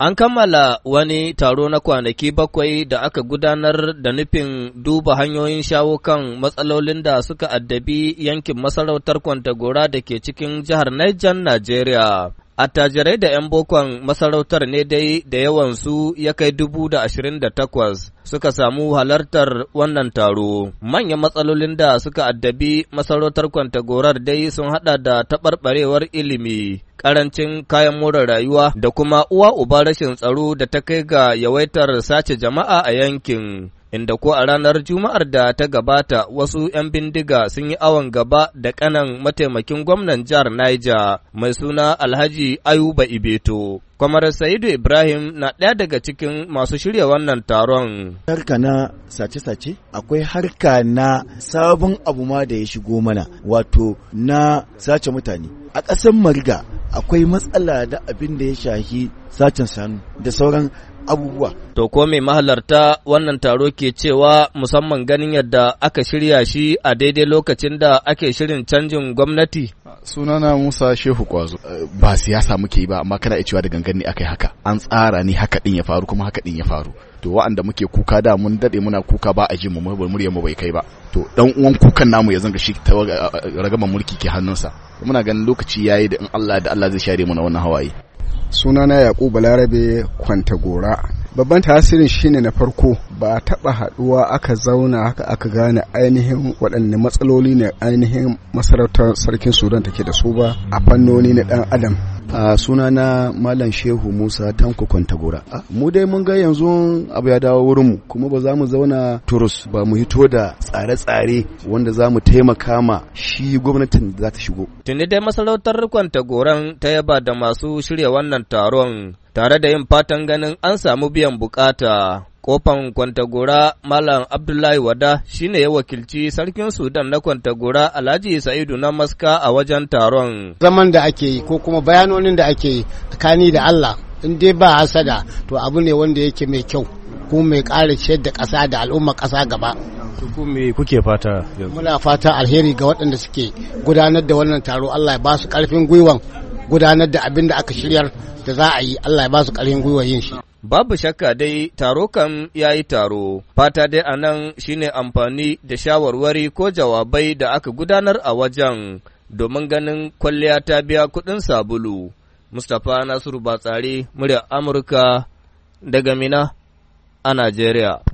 An kammala wani taro na kwanaki bakwai da aka gudanar da nufin duba hanyoyin shawo kan matsalolin da suka addabi yankin masarautar Kwantagora da ke cikin jihar Niger, Najeriya. Attajirai da ‘yan bokon masarautar ne dai da yawansu ya kai dubu da ashirin da takwas suka samu halartar wannan taro. Manyan matsalolin da suka addabi masarautar Kwantagorar dai sun haɗa da taɓarɓarewar ilimi, ƙarancin kayan more rayuwa da kuma uwa uba rashin tsaro da ta kai ga yawaitar sace jama'a a yankin. inda ko a ranar Juma'ar da ta gabata wasu 'yan bindiga sun yi awon gaba da kanan mataimakin gwamnan jihar Niger mai suna Alhaji Ayuba Ibeto. Kwamar Sa'idu Ibrahim na ɗaya daga cikin masu shirya wannan taron. Harka na sace-sace, akwai harka na sabon abu ma da ya shigo mana, wato na sace mutane. A ƙasar Mariga. akwai matsala da abin da ya shahi sacin sanu da sauran abubuwa. To ko mai mahalarta wannan taro ke cewa musamman ganin yadda aka shirya shi a daidai lokacin da ake shirin canjin gwamnati? Sunana Musa Shehu Kwazo. Ba siyasa muke yi ba amma kana cewa da gangan ne aka yi haka. An tsara ni haka din ya faru kuma haka din ya faru. To wa'anda muke kuka da mun dade muna kuka ba a ji mu muryar mu bai kai ba. To dan uwan kukan namu ya zanga shi uh, uh, ragaman mulki ke hannunsa. muna ganin lokaci yayi da in Allah da Allah zai share mu na wannan hawaye sunana yaƙu larabe kwantagora babban tasirin shine na farko ba taɓa haɗuwa aka zauna haka aka gane ainihin waɗanne matsaloli ne ainihin masarautar sarkin sudan take da su ba a fannoni na ɗan adam a na malam shehu musa tanko kwantagora mu dai mun ga yanzu abu ya dawo wurinmu kuma ba za mu zauna turus ba mu hito da tsare-tsare wanda za mu taimaka ma shi gwamnatin da za ta shigo tuni dai masarautar kwantagoran ta yaba da masu shirya wannan taron tare da yin fatan ganin an samu biyan bukata Kofan Kwantagora Malam Abdullahi Wada shi ne ya wakilci Sarkin Sudan na Kwantagora Alhaji Sa'idu na Maska a wajen taron. Zaman da ake yi ko kuma bayanonin da ake yi tsakani da Allah in dai ba hasada to abu ne wanda yake mai kyau ko mai ƙara ciyar da ƙasa da al'umma ƙasa gaba. me kuke fata Muna fata alheri ga waɗanda suke gudanar da wannan taro Allah ya ba su ƙarfin gwiwan gudanar da abin da aka shiryar da za a yi Allah ya ba su ƙarfin gwiwa yin shi. Babu shakka dai taro kam ya yi taro, fata dai a nan ne amfani da shawarwari ko jawabai da aka gudanar a wajen domin ganin kwalliya ta biya kuɗin sabulu. Mustapha Nasiru Batsari, murya Amurka daga Mina a Najeriya.